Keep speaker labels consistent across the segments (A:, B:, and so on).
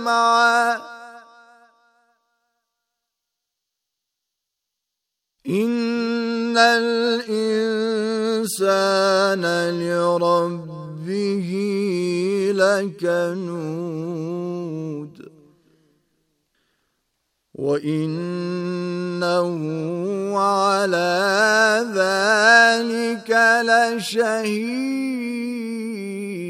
A: جمعا ان الانسان لربه لكنود وانه على ذلك لشهيد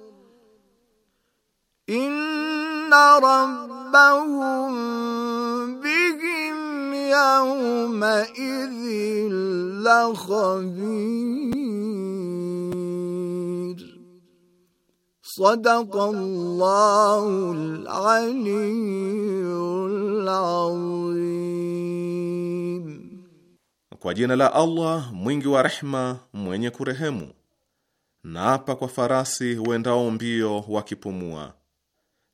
A: إن ربهم بهم يومئذ لخبير صدق الله العلي العظيم
B: Kwa jina la Allah mwingi wa rehma, mwenye kurehemu. Naapa kwa farasi wendao mbio wakipumua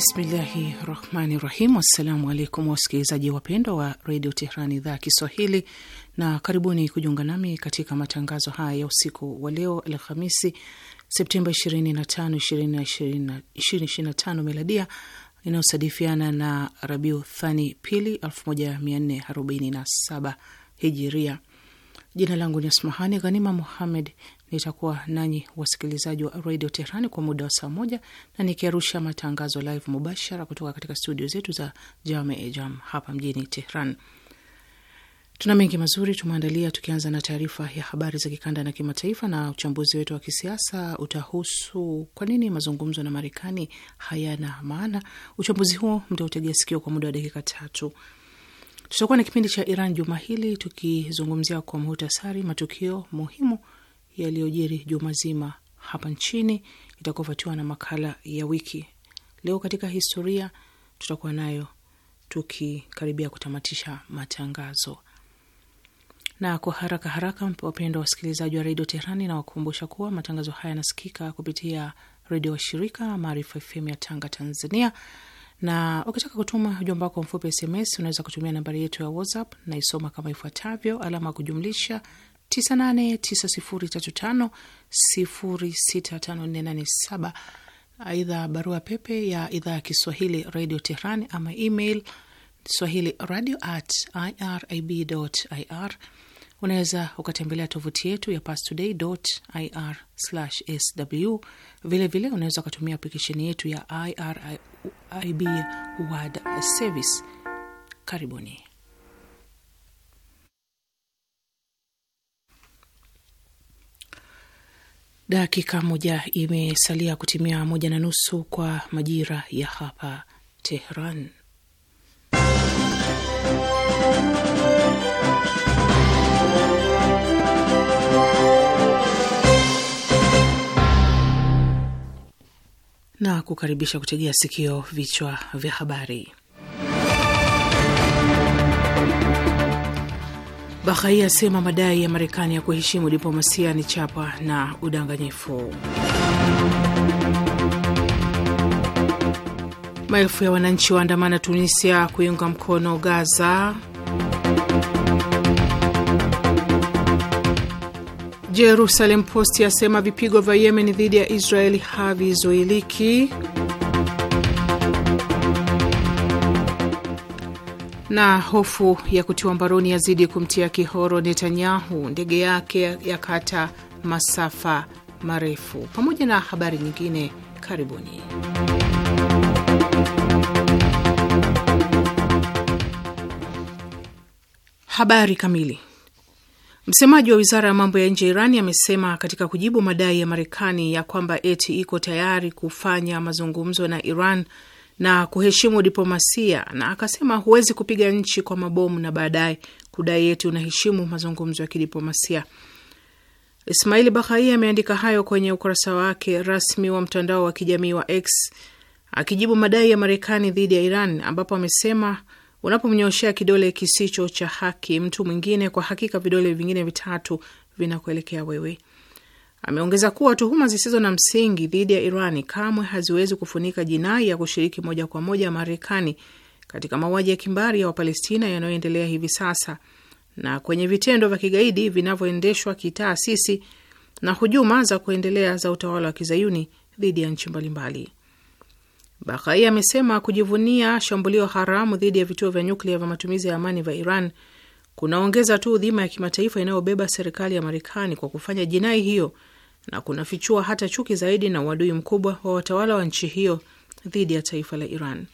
C: Bismillahi rahmani rahim. Assalamu alaikum wasikilizaji wapendwa wa redio Tehrani, idhaa ya Kiswahili, na karibuni kujiunga nami katika matangazo haya ya usiku wa leo Alhamisi, Septemba 25, 2025 miladia inayosadifiana na Rabiu Thani pili 1447 hijiria. Jina langu ni Asmahani Ghanima Muhammed. Nitakuwa nanyi wasikilizaji wa redio Tehrani kwa muda wa saa moja, na nikiarusha matangazo live mubashara kutoka katika studio zetu za Jame e Jam hapa mjini Tehran. Tuna mengi mazuri tumeandalia, tukianza na taarifa ya habari za kikanda na kimataifa, na uchambuzi wetu wa kisiasa utahusu kwa nini mazungumzo na Marekani hayana maana. Uchambuzi huo mtautegea sikio kwa muda wa dakika tatu. Tutakuwa na kipindi cha Iran juma hili tukizungumzia kwa muhtasari matukio muhimu yaliyojiri juma zima hapa nchini, itakofuatiwa na makala ya wiki leo katika historia, tutakuwa nayo tukikaribia kutamatisha matangazo. Na kwa haraka haraka, wapendwa wasikilizaji wa redio Teherani, nawakumbusha kuwa matangazo haya yanasikika kupitia redio washirika Maarifa FM ya Tanga, Tanzania, na ukitaka kutuma ujumbe wako mfupi SMS unaweza kutumia nambari yetu ya WhatsApp naisoma kama ifuatavyo: alama ya kujumlisha 989035065487. Aidha, barua pepe ya idhaa ya Kiswahili Radio Tehran ama email swahili radio at irib.ir Unaweza ukatembelea tovuti yetu ya pastoday.ir/sw. Vilevile unaweza ukatumia aplikesheni yetu ya IRIB World Service. Karibuni. Dakika moja imesalia kutimia moja na nusu kwa majira ya hapa Tehran. na kukaribisha kutegea sikio. Vichwa vya habari: Bahai asema madai ya Marekani ya kuheshimu diplomasia ni chapa na udanganyifu. Maelfu ya wananchi waandamana Tunisia kuiunga mkono Gaza. Jerusalem Post yasema vipigo vya Yemen dhidi ya Israeli havizuiliki. Na hofu ya kutiwa mbaroni yazidi kumtia kihoro Netanyahu, ndege yake yakata masafa marefu, pamoja na habari nyingine. Karibuni. Habari kamili. Msemaji wa wizara ya mambo ya nje ya Irani amesema katika kujibu madai ya Marekani ya kwamba eti iko tayari kufanya mazungumzo na Iran na kuheshimu diplomasia, na akasema huwezi kupiga nchi kwa mabomu na baadaye kudai eti unaheshimu mazungumzo ya kidiplomasia. Ismaili Bahai ameandika hayo kwenye ukurasa wake rasmi wa mtandao wa kijamii wa X akijibu madai ya Marekani dhidi ya Iran ambapo amesema Unapomnyoshea kidole kisicho cha haki mtu mwingine, kwa hakika vidole vingine vitatu vinakuelekea wewe. Ameongeza kuwa tuhuma zisizo na msingi dhidi ya Irani kamwe haziwezi kufunika jinai ya kushiriki moja kwa moja Marekani katika mauaji ya kimbari ya Wapalestina yanayoendelea hivi sasa na kwenye vitendo vya kigaidi vinavyoendeshwa kitaasisi na hujuma za kuendelea za utawala wa kizayuni dhidi ya nchi mbalimbali. Bahai amesema kujivunia shambulio haramu dhidi ya vituo vya nyuklia vya matumizi ya amani vya Iran kunaongeza tu dhima ya kimataifa inayobeba serikali ya Marekani kwa kufanya jinai hiyo na kunafichua hata chuki zaidi na uadui mkubwa wa watawala wa nchi hiyo dhidi ya taifa la Iran.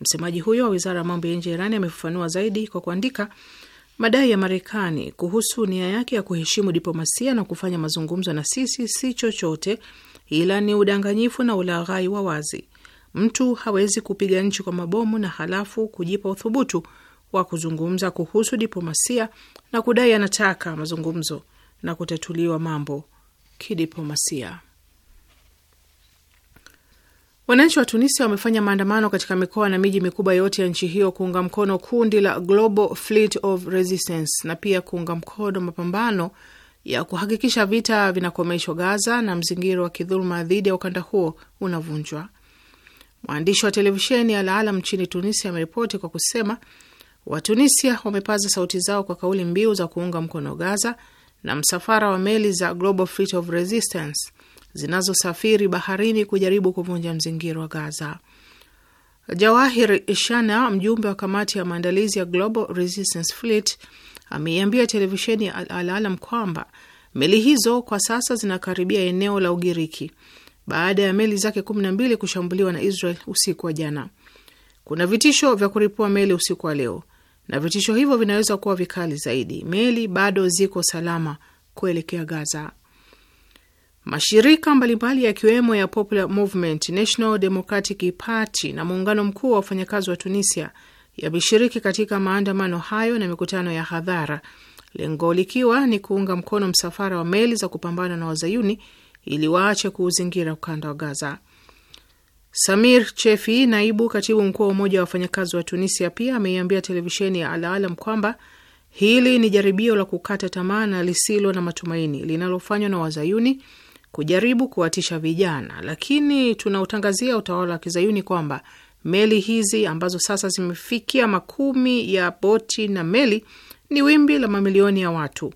C: Msemaji huyo wa wizara ya mambo ya nje ya Iran amefafanua zaidi kwa kuandika, madai ya Marekani kuhusu nia yake ya kuheshimu diplomasia na kufanya mazungumzo na sisi si chochote ila ni udanganyifu na ulaghai wa wazi. Mtu hawezi kupiga nchi kwa mabomu na halafu kujipa uthubutu wa kuzungumza kuhusu diplomasia na kudai anataka mazungumzo na kutatuliwa mambo kidiplomasia. Wananchi wa Tunisia wamefanya maandamano katika mikoa na miji mikubwa yote ya nchi hiyo kuunga mkono kundi la Global Fleet of Resistance na pia kuunga mkono mapambano ya kuhakikisha vita vinakomeshwa Gaza na mzingiro wa kidhuluma dhidi ya ukanda huo unavunjwa. Mwandishi wa televisheni ya Alalam nchini Tunisia ameripoti kwa kusema Watunisia wamepaza sauti zao kwa kauli mbiu za kuunga mkono Gaza na msafara wa meli za Global Fleet of Resistance zinazosafiri baharini kujaribu kuvunja mzingiro wa Gaza. Jawahir shana mjumbe wa kamati ya maandalizi ya Global Resistance Fleet, ameiambia televisheni ya Al Alalam kwamba meli hizo kwa sasa zinakaribia eneo la Ugiriki baada ya meli zake kumi na mbili kushambuliwa na Israel usiku wa jana. Kuna vitisho vya kuripua meli usiku wa leo, na vitisho hivyo vinaweza kuwa vikali zaidi. Meli bado ziko salama kuelekea Gaza. Mashirika mbalimbali yakiwemo ya Popular Movement, National Democratic Party na muungano mkuu wa wafanyakazi wa Tunisia yameshiriki katika maandamano hayo na mikutano ya hadhara, lengo likiwa ni kuunga mkono msafara wa meli za kupambana na wazayuni ili waache kuuzingira ukanda wa Gaza. Samir Chefi, naibu katibu mkuu wa Umoja wa Wafanyakazi wa Tunisia, pia ameiambia televisheni ya Alalam kwamba hili ni jaribio la kukata tamaa na lisilo na matumaini linalofanywa na Wazayuni kujaribu kuwatisha vijana, lakini tunautangazia utawala wa kizayuni kwamba meli hizi ambazo sasa zimefikia makumi ya boti na meli ni wimbi la mamilioni ya watu,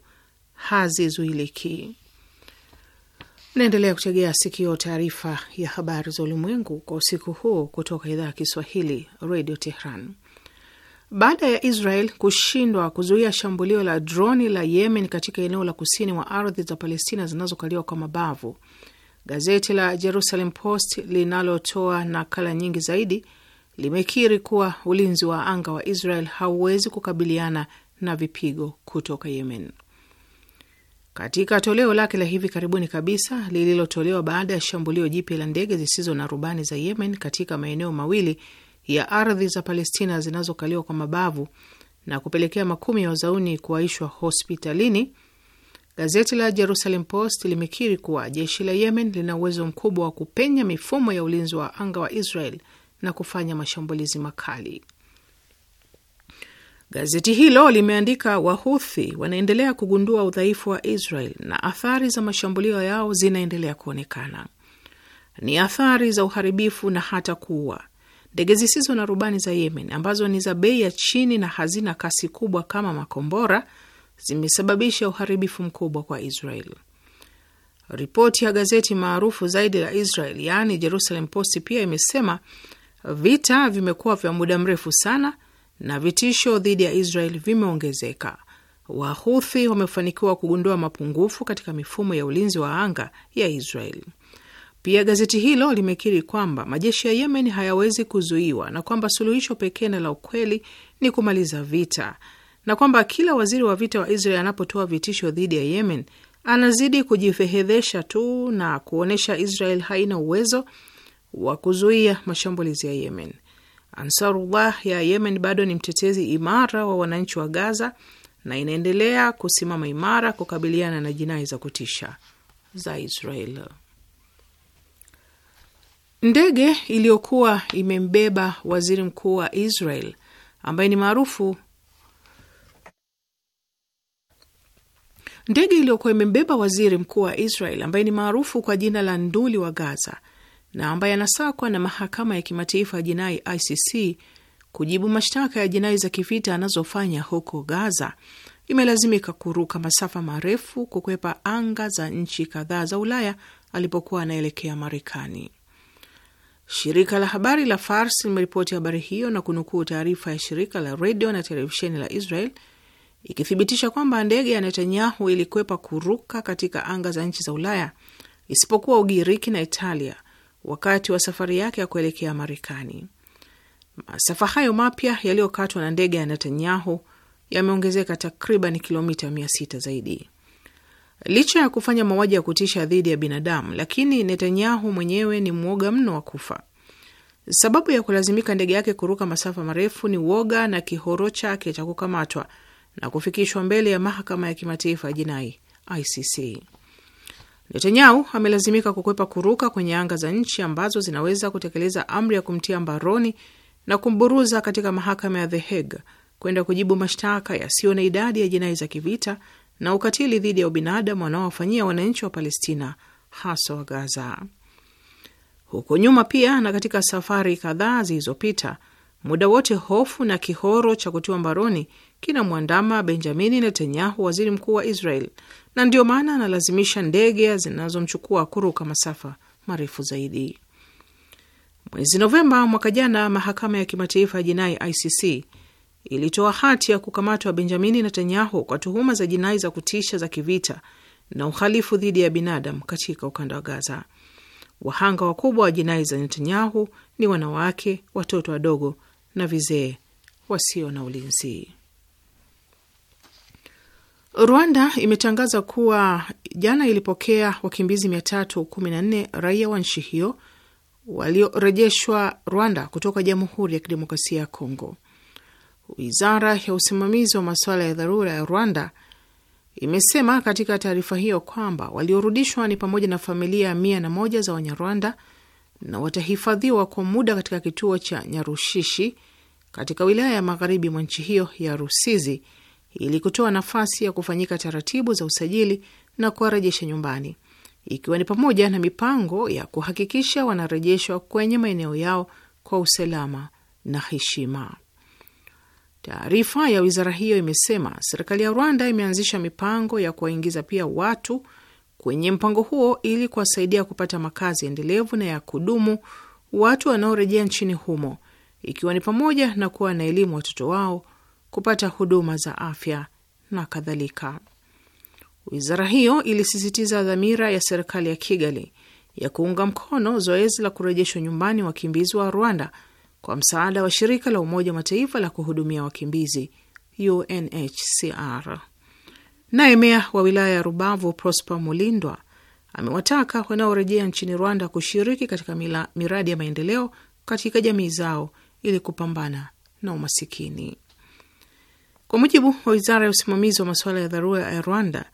C: hazizuiliki. Naendelea kutegea sikio taarifa ya habari za ulimwengu kwa usiku huu kutoka idhaa ya Kiswahili redio Tehran. Baada ya Israel kushindwa kuzuia shambulio la droni la Yemen katika eneo la kusini mwa ardhi za Palestina zinazokaliwa kwa mabavu, gazeti la Jerusalem Post linalotoa nakala nyingi zaidi limekiri kuwa ulinzi wa anga wa Israel hauwezi kukabiliana na vipigo kutoka Yemen. Katika toleo lake la hivi karibuni kabisa lililotolewa baada ya shambulio jipya la ndege zisizo na rubani za Yemen katika maeneo mawili ya ardhi za Palestina zinazokaliwa kwa mabavu na kupelekea makumi ya wazauni kuwaishwa hospitalini, gazeti la Jerusalem Post limekiri kuwa jeshi la Yemen lina uwezo mkubwa wa kupenya mifumo ya ulinzi wa anga wa Israel na kufanya mashambulizi makali. Gazeti hilo limeandika Wahuthi wanaendelea kugundua udhaifu wa Israel na athari za mashambulio yao zinaendelea kuonekana. Ni athari za uharibifu na hata kuua. Ndege zisizo na rubani za Yemen ambazo ni za bei ya chini na hazina kasi kubwa kama makombora zimesababisha uharibifu mkubwa kwa Israel. Ripoti ya gazeti maarufu zaidi la Israel yaani Jerusalem Post pia imesema vita vimekuwa vya muda mrefu sana na vitisho dhidi ya Israel vimeongezeka. Wahuthi wamefanikiwa kugundua mapungufu katika mifumo ya ulinzi wa anga ya Israel. Pia gazeti hilo limekiri kwamba majeshi ya Yemen hayawezi kuzuiwa na kwamba suluhisho pekee na la ukweli ni kumaliza vita na kwamba kila waziri wa vita wa Israel anapotoa vitisho dhidi ya Yemen anazidi kujifehedhesha tu na kuonyesha Israel haina uwezo wa kuzuia mashambulizi ya Yemen. Ansarullah ya Yemen bado ni mtetezi imara wa wananchi wa Gaza na inaendelea kusimama imara kukabiliana na jinai za kutisha za Israel. Ndege iliyokuwa imembeba waziri mkuu wa Israel ambaye ni maarufu ndege iliyokuwa imembeba waziri mkuu wa Israel ambaye ni maarufu kwa jina la nduli wa Gaza na ambaye anasakwa na mahakama ya kimataifa ya jinai ICC kujibu mashtaka ya jinai za kivita anazofanya huko Gaza, imelazimika kuruka masafa marefu kukwepa anga za nchi kadhaa za Ulaya alipokuwa anaelekea Marekani. Shirika la habari la Fars limeripoti habari hiyo na kunukuu taarifa ya shirika la redio na televisheni la Israel ikithibitisha kwamba ndege ya Netanyahu ilikwepa kuruka katika anga za nchi za Ulaya isipokuwa Ugiriki na Italia wakati wa safari yake ya kuelekea Marekani. Masafa hayo mapya yaliyokatwa na ndege ya Netanyahu yameongezeka takriban kilomita sita zaidi. Licha ya kufanya mauaji ya kutisha dhidi ya binadamu, lakini Netanyahu mwenyewe ni mwoga mno wa kufa. Sababu ya kulazimika ndege yake kuruka masafa marefu ni woga na kihoro chake cha kukamatwa na kufikishwa mbele ya mahakama ya kimataifa ya jinai ICC. Netanyahu amelazimika kukwepa kuruka kwenye anga za nchi ambazo zinaweza kutekeleza amri ya kumtia mbaroni na kumburuza katika mahakama ya The Hague kwenda kujibu mashtaka yasiyo na idadi ya jinai za kivita na ukatili dhidi ya ubinadamu wanaowafanyia wananchi wa Palestina, hasa wa Gaza. Huko nyuma pia na katika safari kadhaa zilizopita, muda wote hofu na kihoro cha kutiwa mbaroni kinamwandama Benjamini Netanyahu, waziri mkuu wa Israel, na ndiyo maana analazimisha ndege zinazomchukua kuruka masafa marefu zaidi. Mwezi Novemba mwaka jana, mahakama ya kimataifa ya jinai ICC ilitoa hati ya kukamatwa Benjamini Netanyahu kwa tuhuma za jinai za kutisha za kivita na uhalifu dhidi ya binadamu katika ukanda wa Gaza. Wahanga wakubwa wa jinai za Netanyahu ni wanawake, watoto wadogo na vizee wasio na ulinzi. Rwanda imetangaza kuwa jana ilipokea wakimbizi 314 raia wa nchi hiyo waliorejeshwa Rwanda kutoka Jamhuri ya Kidemokrasia ya Kongo. Wizara ya usimamizi wa masuala ya dharura ya Rwanda imesema katika taarifa hiyo kwamba waliorudishwa ni pamoja na familia mia na moja za Wanyarwanda na watahifadhiwa kwa muda katika kituo cha Nyarushishi katika wilaya ya magharibi mwa nchi hiyo ya Rusizi ili kutoa nafasi ya kufanyika taratibu za usajili na kuwarejesha nyumbani, ikiwa ni pamoja na mipango ya kuhakikisha wanarejeshwa kwenye maeneo yao kwa usalama na heshima. Taarifa ya wizara hiyo imesema serikali ya Rwanda imeanzisha mipango ya kuwaingiza pia watu kwenye mpango huo ili kuwasaidia kupata makazi endelevu na ya kudumu watu wanaorejea nchini humo, ikiwa ni pamoja na kuwa na elimu watoto wao kupata huduma za afya na kadhalika. Wizara hiyo ilisisitiza dhamira ya serikali ya Kigali ya kuunga mkono zoezi la kurejeshwa nyumbani wakimbizi wa Rwanda kwa msaada wa shirika la Umoja wa Mataifa la kuhudumia wakimbizi UNHCR. Naye meya wa wilaya ya Rubavu Prosper Mulindwa amewataka wanaorejea nchini Rwanda kushiriki katika mila, miradi ya maendeleo katika jamii zao ili kupambana na umasikini. Kwa mujibu wa wizara ya usimamizi wa masuala ya dharura ya Rwanda,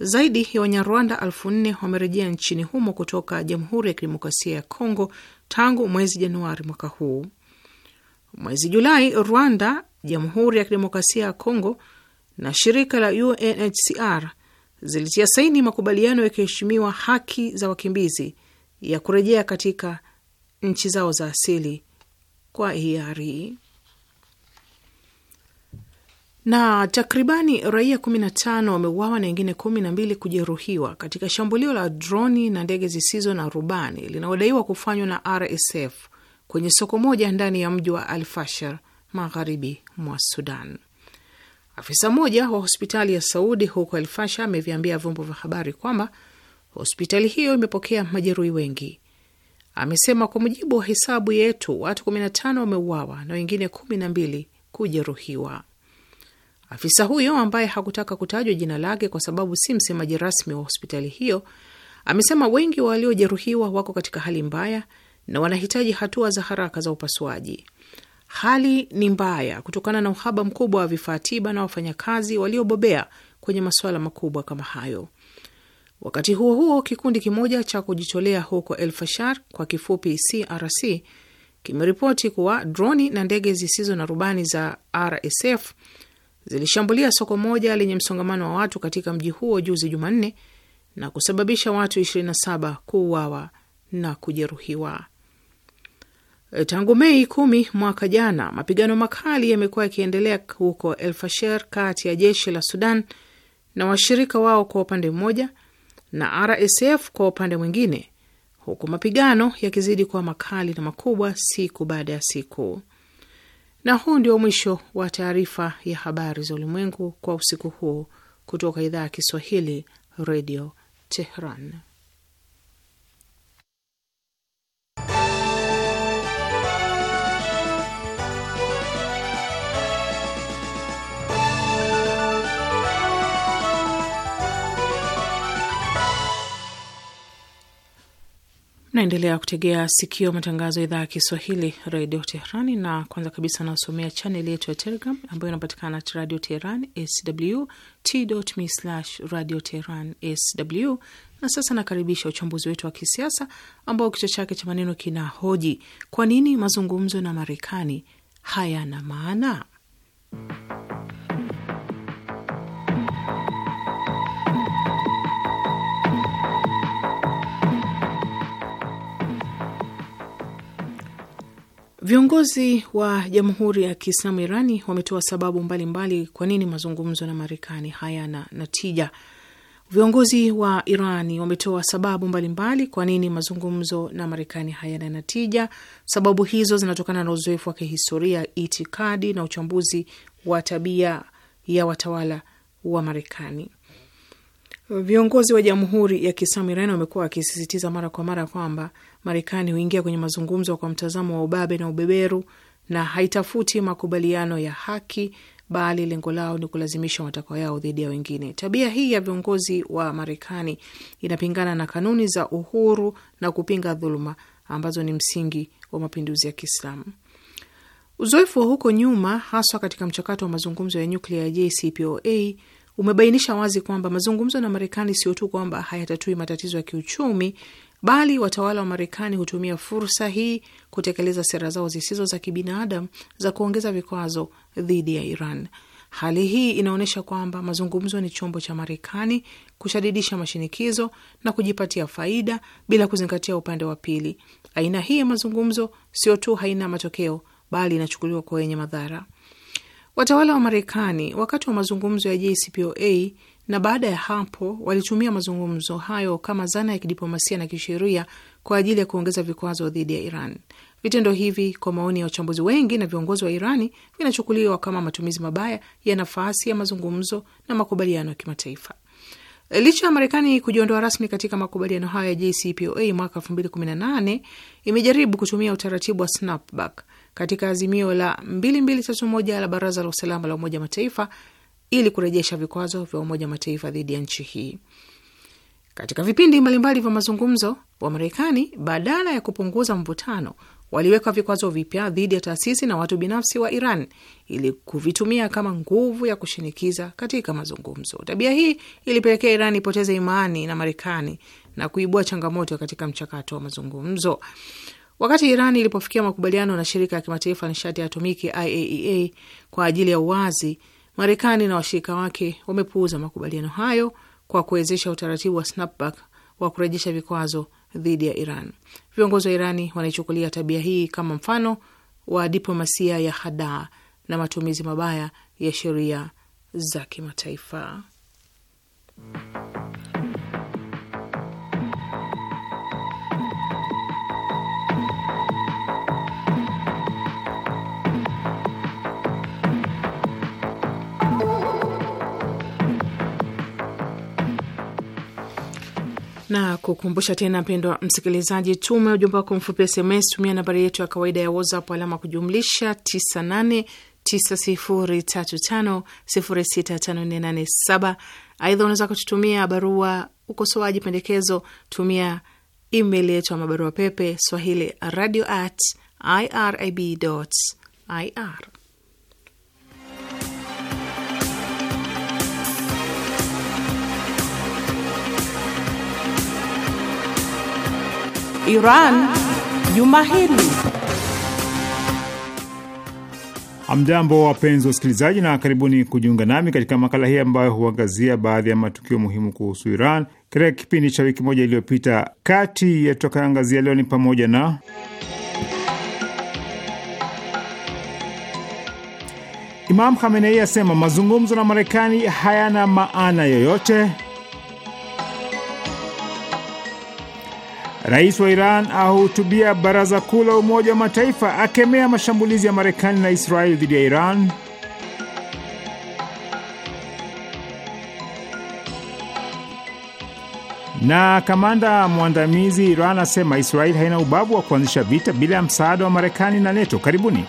C: zaidi ya Wanyarwanda elfu nne wamerejea nchini humo kutoka Jamhuri ya Kidemokrasia ya Kongo tangu mwezi Januari mwaka huu. Mwezi Julai, Rwanda, Jamhuri ya Kidemokrasia ya Kongo na shirika la UNHCR zilitia saini makubaliano yakiheshimiwa haki za wakimbizi ya kurejea katika nchi zao za asili kwa hiari na takribani raia 15 wameuawa na wengine 12 kujeruhiwa katika shambulio la droni na ndege zisizo na rubani linalodaiwa kufanywa na RSF kwenye soko moja ndani ya mji wa alfashar magharibi mwa Sudan. Afisa mmoja wa hospitali ya Saudi huko alfashar ameviambia vyombo vya habari kwamba hospitali hiyo imepokea majeruhi wengi. Amesema kwa mujibu wa hesabu yetu, watu 15 wameuawa na wengine 12 kujeruhiwa. Afisa huyo ambaye hakutaka kutajwa jina lake kwa sababu si msemaji rasmi wa hospitali hiyo amesema wengi waliojeruhiwa wako katika hali mbaya na wanahitaji hatua za haraka za upasuaji. Hali ni mbaya kutokana na uhaba mkubwa wa vifaa tiba na wafanyakazi waliobobea kwenye masuala makubwa kama hayo. Wakati huo huo, kikundi kimoja cha kujitolea huko El Fashar, kwa kifupi CRC, kimeripoti kuwa droni na ndege zisizo na rubani za RSF zilishambulia soko moja lenye msongamano wa watu katika mji huo juzi Jumanne na kusababisha watu 27 kuuawa na kujeruhiwa. E, tangu Mei kumi mwaka jana, mapigano makali yamekuwa yakiendelea huko El Fasher kati ya jeshi la Sudan na washirika wao kwa upande mmoja na RSF kwa upande mwingine, huku mapigano yakizidi kuwa makali na makubwa siku baada ya siku. Na huu ndio mwisho wa taarifa ya habari za ulimwengu kwa usiku huu kutoka idhaa ya Kiswahili, Redio Tehran. Naendelea kutegea sikio matangazo ya idhaa ya Kiswahili radio Teherani, na kwanza kabisa anaosomea chaneli yetu ya Telegram ambayo inapatikana radio Teheran sw t.me radio Teheran sw. Na sasa nakaribisha uchambuzi wetu wa kisiasa ambao kichwa chake cha maneno kina hoji kwa nini mazungumzo na Marekani hayana maana. Viongozi wa Jamhuri ya Kiislamu Irani wametoa sababu mbalimbali kwa nini mazungumzo na Marekani hayana natija. Viongozi wa Irani wametoa sababu mbalimbali kwa nini mazungumzo na Marekani hayana natija. Sababu hizo zinatokana na uzoefu wa kihistoria, itikadi na uchambuzi wa tabia ya watawala wa Marekani. Viongozi wa Jamhuri ya Kiislamu Irani wamekuwa wakisisitiza mara kwa mara kwamba Marekani huingia kwenye mazungumzo kwa mtazamo wa ubabe na ubeberu na haitafuti makubaliano ya haki, bali lengo lao ni kulazimisha matakwa yao dhidi ya wengine. Tabia hii ya viongozi wa Marekani inapingana na kanuni za uhuru na kupinga dhuluma ambazo ni msingi wa mapinduzi ya Kiislamu. Uzoefu wa huko nyuma, haswa katika mchakato wa mazungumzo ya nyuklia ya JCPOA umebainisha wazi kwamba mazungumzo na Marekani sio tu kwamba hayatatui matatizo ya kiuchumi, bali watawala wa Marekani hutumia fursa hii kutekeleza sera zao zisizo za kibinadamu za kuongeza vikwazo dhidi ya Iran. Hali hii inaonyesha kwamba mazungumzo ni chombo cha Marekani kushadidisha mashinikizo na kujipatia faida bila kuzingatia upande wa pili. Aina hii ya mazungumzo sio tu haina matokeo, bali inachukuliwa kwa wenye madhara. Watawala wa Marekani wakati wa mazungumzo ya JCPOA na baada ya hapo walitumia mazungumzo hayo kama zana ya kidiplomasia na kisheria kwa ajili ya kuongeza vikwazo dhidi ya Iran. Vitendo hivi kwa maoni ya wachambuzi wengi na viongozi wa Irani vinachukuliwa kama matumizi mabaya ya nafasi ya mazungumzo na makubaliano ya kimataifa. Licha ya Marekani kujiondoa rasmi katika makubaliano hayo ya JCPOA mwaka 2018, imejaribu kutumia utaratibu wa snapback katika azimio la 2231 la Baraza la Usalama la Umoja wa Mataifa ili kurejesha vikwazo vya Umoja wa Mataifa dhidi ya nchi hii. Katika vipindi mbalimbali vya mazungumzo, Wamarekani badala ya kupunguza mvutano waliweka vikwazo vipya dhidi ya taasisi na watu binafsi wa Iran ili kuvitumia kama nguvu ya kushinikiza katika mazungumzo. Tabia hii ilipelekea Iran ipoteze imani na Marekani na kuibua changamoto katika mchakato wa mazungumzo. Wakati Iran ilipofikia makubaliano na shirika ya kimataifa nishati ya atomiki IAEA e kwa ajili ya uwazi Marekani na washirika wake wamepuuza makubaliano hayo kwa kuwezesha utaratibu wa snapback wa kurejesha vikwazo dhidi ya Iran. Viongozi wa Irani wanaichukulia tabia hii kama mfano wa diplomasia ya hadaa na matumizi mabaya ya sheria za kimataifa. na kukumbusha tena, wa msikilizaji, tume ujumbe wako mfupi SMS, tumia nambari yetu ya kawaida ya WhatsApp alama kujumlisha 989035065487. Aidha, unaweza kututumia barua ukosoaji, pendekezo, tumia email yetu ama barua pepe swahili radio at irib ir Iran juma hili.
D: Hamjambo, wapenzi wasikilizaji, na karibuni kujiunga nami katika makala hii ambayo huangazia baadhi ya matukio muhimu kuhusu Iran katika kipindi cha wiki moja iliyopita. Kati ya tutakayoangazia leo ni pamoja na Imam Khamenei asema mazungumzo na Marekani hayana maana yoyote Rais wa Iran ahutubia baraza kuu la Umoja wa Mataifa akemea mashambulizi ya Marekani na Israeli dhidi ya Iran. Na kamanda mwandamizi Iran asema Israeli haina ubavu wa kuanzisha vita bila ya msaada wa Marekani na NATO. Karibuni.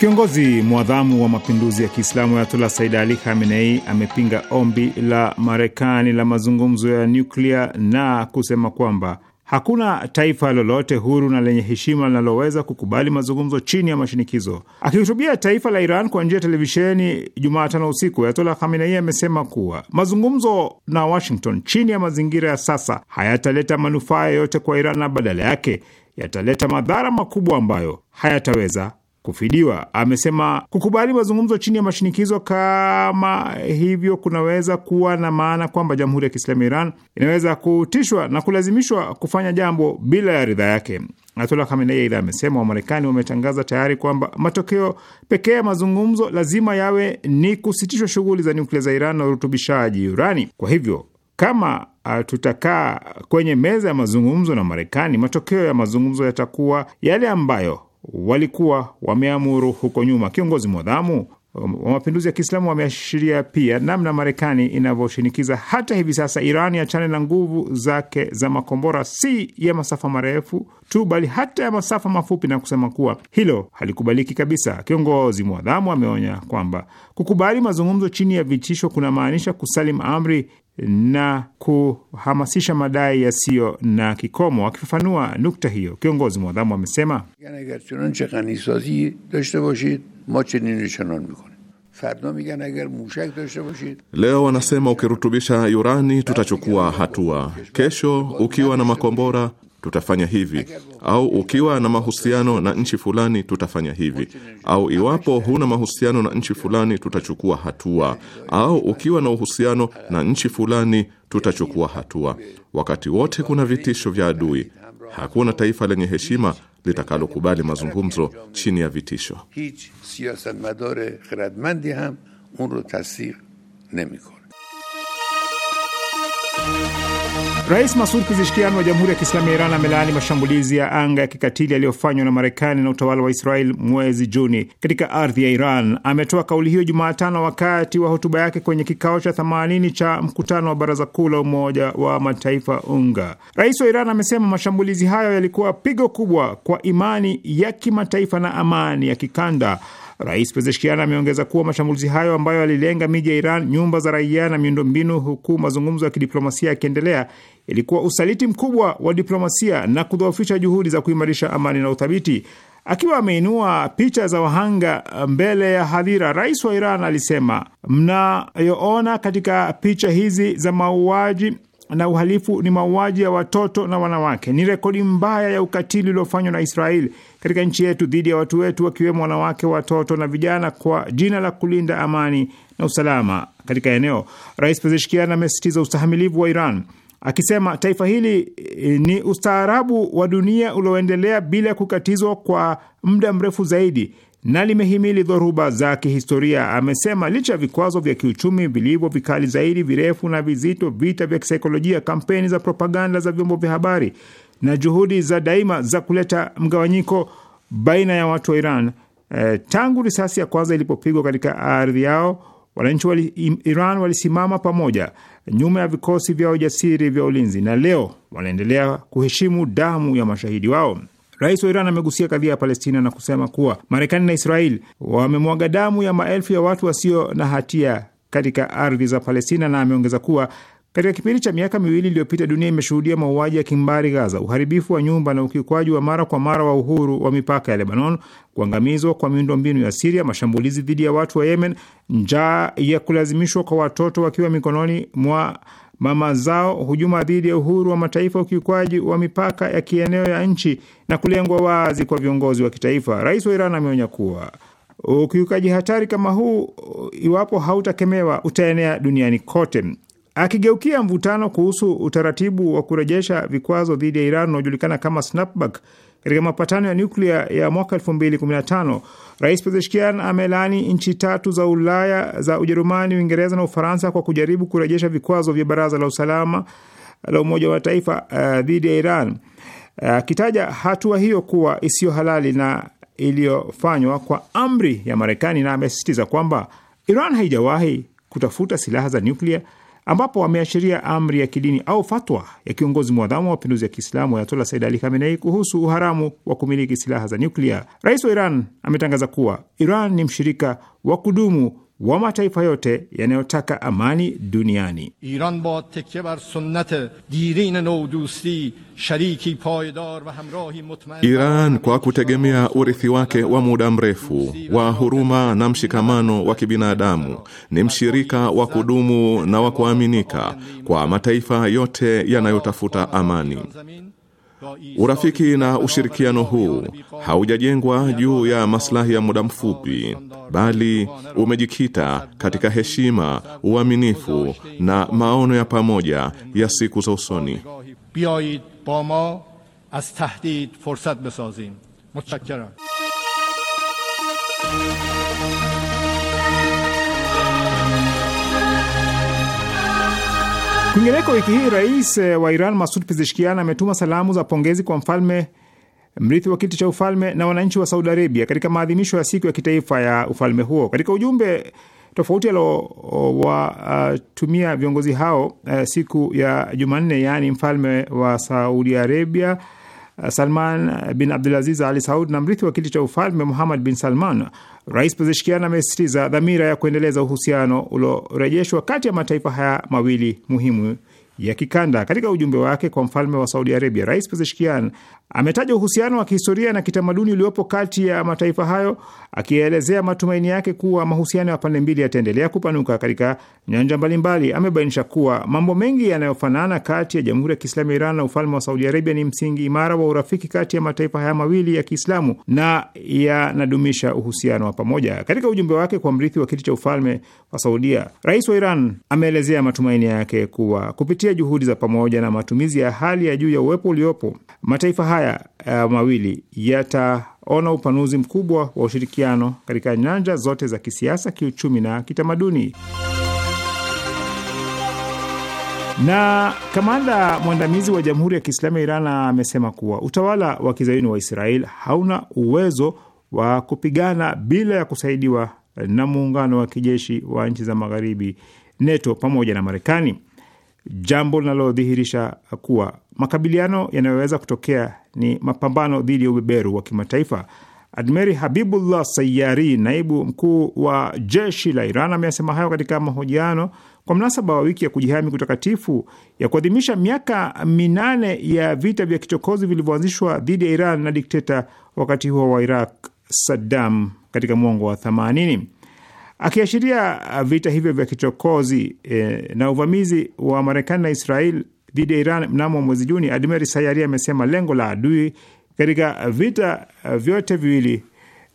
D: Kiongozi mwadhamu wa mapinduzi ya Kiislamu Ayatullah Said Ali Khamenei amepinga ombi la Marekani la mazungumzo ya nyuklia na kusema kwamba hakuna taifa lolote huru na lenye heshima linaloweza kukubali mazungumzo chini ya mashinikizo. Akihutubia taifa la Iran kwa njia ya televisheni Jumatano usiku, Ayatollah Khamenei amesema kuwa mazungumzo na Washington chini ya mazingira ya sasa hayataleta manufaa yoyote kwa Iran na badala yake yataleta madhara makubwa ambayo hayataweza kufidiwa. Amesema kukubali mazungumzo chini ya mashinikizo kama hivyo kunaweza kuwa na maana kwamba Jamhuri ya Kiislamu ya Iran inaweza kutishwa na kulazimishwa kufanya jambo bila ya ridhaa yake. Ayatollah Khamenei aidha amesema Wamarekani wametangaza tayari kwamba matokeo pekee ya mazungumzo lazima yawe ni kusitishwa shughuli za nyuklia za Iran na urutubishaji urani. Kwa hivyo kama uh, tutakaa kwenye meza ya mazungumzo na Marekani, matokeo ya mazungumzo yatakuwa yale ambayo walikuwa wameamuru huko nyuma. Kiongozi mwadhamu um, wa mapinduzi ya Kiislamu wameashiria pia namna Marekani inavyoshinikiza hata hivi sasa Iran achane na nguvu zake za makombora, si ya masafa marefu tu, bali hata ya masafa mafupi, na kusema kuwa hilo halikubaliki kabisa. Kiongozi mwadhamu ameonya kwamba kukubali mazungumzo chini ya vitisho kunamaanisha kusalim amri na kuhamasisha madai yasiyo na kikomo. Akifafanua nukta hiyo, kiongozi mwadhamu amesema Leo
B: wanasema ukirutubisha urani tutachukua hatua, kesho ukiwa na makombora tutafanya hivi, au ukiwa na mahusiano na nchi fulani tutafanya hivi, au iwapo huna mahusiano na nchi fulani tutachukua hatua, au ukiwa na uhusiano na nchi fulani tutachukua hatua. Wakati wote kuna vitisho vya adui. Hakuna taifa lenye heshima litakalokubali mazungumzo chini ya vitisho.
D: Rais Masud Pezeshkian wa Jamhuri ya Kiislamu ya Iran amelaani mashambulizi ya anga ya kikatili yaliyofanywa na Marekani na utawala wa Israel mwezi Juni katika ardhi ya Iran. Ametoa kauli hiyo Jumatano wakati wa hotuba yake kwenye kikao cha 80 cha mkutano wa Baraza Kuu la Umoja wa Mataifa UNGA. Rais wa Iran amesema mashambulizi hayo yalikuwa pigo kubwa kwa imani ya kimataifa na amani ya kikanda. Rais Pezeshkian ameongeza kuwa mashambulizi hayo ambayo yalilenga miji ya Iran, nyumba za raia na miundombinu, huku mazungumzo ya kidiplomasia yakiendelea, ilikuwa usaliti mkubwa wa diplomasia na kudhoofisha juhudi za kuimarisha amani na uthabiti. Akiwa ameinua picha za wahanga mbele ya hadhira, rais wa Iran alisema, mnayoona katika picha hizi za mauaji na uhalifu ni mauaji ya watoto na wanawake. Ni rekodi mbaya ya ukatili uliofanywa na israel katika nchi yetu dhidi ya watu wetu, wakiwemo wanawake, watoto na vijana, kwa jina la kulinda amani na usalama katika eneo. Rais Pezeshkian amesisitiza ustahamilivu wa Iran akisema taifa hili eh, ni ustaarabu wa dunia ulioendelea bila kukatizwa kwa muda mrefu zaidi na limehimili dhoruba za kihistoria. Amesema licha ya vikwazo vya kiuchumi vilivyo vikali zaidi, virefu na vizito, vita vya kisaikolojia, kampeni za propaganda za vyombo vya habari na juhudi za daima za kuleta mgawanyiko baina ya watu wa Iran, e, tangu risasi ya kwanza ilipopigwa katika ardhi yao, wananchi wa Iran walisimama pamoja nyuma ya vikosi vya ujasiri vya ulinzi, na leo wanaendelea kuheshimu damu ya mashahidi wao. Rais wa Iran amegusia kadhia ya Palestina na kusema kuwa Marekani na Israel wamemwaga damu ya maelfu ya watu wasio na hatia katika ardhi za Palestina, na ameongeza kuwa katika kipindi cha miaka miwili iliyopita, dunia imeshuhudia mauaji ya kimbari Gaza, uharibifu wa nyumba na ukiukwaji wa mara kwa mara wa uhuru wa mipaka ya Lebanon, kuangamizwa kwa miundombinu ya Siria, mashambulizi dhidi ya watu wa Yemen, njaa ya kulazimishwa kwa watoto wakiwa mikononi mwa mama zao, hujuma dhidi ya uhuru wa mataifa, ukiukwaji wa mipaka ya kieneo ya nchi na kulengwa wazi kwa viongozi wa kitaifa. Rais wa Iran ameonya kuwa ukiukaji hatari kama huu, iwapo hautakemewa, utaenea duniani kote. Akigeukia mvutano kuhusu utaratibu wa kurejesha vikwazo dhidi ya Iran unaojulikana kama snapback katika mapatano ya nyuklia ya mwaka 2015 Rais Pezeshkian amelaani nchi tatu za Ulaya za Ujerumani, Uingereza na Ufaransa kwa kujaribu kurejesha vikwazo vya Baraza la Usalama la Umoja wa Mataifa uh, dhidi uh, ya Iran uh, akitaja uh, hatua hiyo kuwa isiyo halali na iliyofanywa kwa amri ya Marekani, na amesisitiza kwamba Iran haijawahi kutafuta silaha za nyuklia ambapo ameashiria amri ya kidini au fatwa ya kiongozi mwadhamu wa mapinduzi ya Kiislamu Ayatola Said Ali Khamenei kuhusu uharamu wa kumiliki silaha za nyuklia. Rais wa Iran ametangaza kuwa Iran ni mshirika wa kudumu wa mataifa yote yanayotaka amani duniani.
B: Iran kwa kutegemea urithi wake wa muda mrefu wa huruma na mshikamano wa kibinadamu ni mshirika wa kudumu na wa kuaminika kwa mataifa yote yanayotafuta amani. Urafiki na ushirikiano huu haujajengwa juu ya maslahi ya muda mfupi, bali umejikita katika heshima, uaminifu na maono ya pamoja ya siku za usoni.
D: Kwingineko, wiki hii rais eh, wa Iran Masud Pezeshkian ametuma salamu za pongezi kwa mfalme mrithi wa kiti cha ufalme na wananchi wa Saudi Arabia katika maadhimisho ya siku ya kitaifa ya ufalme huo. Katika ujumbe tofauti aliowatumia uh, viongozi hao uh, siku ya Jumanne, yaani mfalme wa Saudi Arabia eh, Salman bin Abdulaziz Ali Saud na mrithi wa kiti cha ufalme Muhammad bin Salman Rais Pezeshkian amesisitiza dhamira ya kuendeleza uhusiano uliorejeshwa kati ya mataifa haya mawili muhimu ya kikanda. Katika ujumbe wake kwa mfalme wa Saudi Arabia, Rais Pezeshkian Ametaja uhusiano wa kihistoria na kitamaduni uliopo kati ya mataifa hayo, akielezea matumaini yake kuwa mahusiano ya pande mbili yataendelea kupanuka katika nyanja mbalimbali. Amebainisha kuwa mambo mengi yanayofanana kati ya Jamhuri ya Kiislamu ya Iran na ufalme wa Saudi Arabia ni msingi imara wa urafiki kati ya mataifa haya mawili ya Kiislamu na yanadumisha uhusiano wa pamoja. Katika ujumbe wake kwa mrithi wa kiti cha ufalme wa Saudia, rais wa Iran ameelezea matumaini yake kuwa kupitia juhudi za pamoja na matumizi ya hali ya juu ya uwepo uliopo mataifa haya haya uh, mawili yataona upanuzi mkubwa wa ushirikiano katika nyanja zote za kisiasa, kiuchumi na kitamaduni. Na kamanda mwandamizi wa Jamhuri ya Kiislamu ya Iran amesema kuwa utawala wa kizayuni wa Israel hauna uwezo wa kupigana bila ya kusaidiwa na muungano wa kijeshi wa nchi za magharibi NATO pamoja na Marekani jambo linalodhihirisha kuwa makabiliano yanayoweza kutokea ni mapambano dhidi ya ubeberu wa kimataifa. Admeri Habibullah Sayari, naibu mkuu wa jeshi la Iran, ameyasema hayo katika mahojiano kwa mnasaba wa wiki ya kujihami kutakatifu ya kuadhimisha miaka minane ya vita vya kichokozi vilivyoanzishwa dhidi ya Iran na dikteta wakati huo wa Iraq, Saddam, katika mwongo wa 80 akiashiria vita hivyo vya kichokozi e, na uvamizi wa Marekani na Israel dhidi ya Iran mnamo mwezi Juni, Admeri Sayari amesema lengo la adui katika vita eh, vyote viwili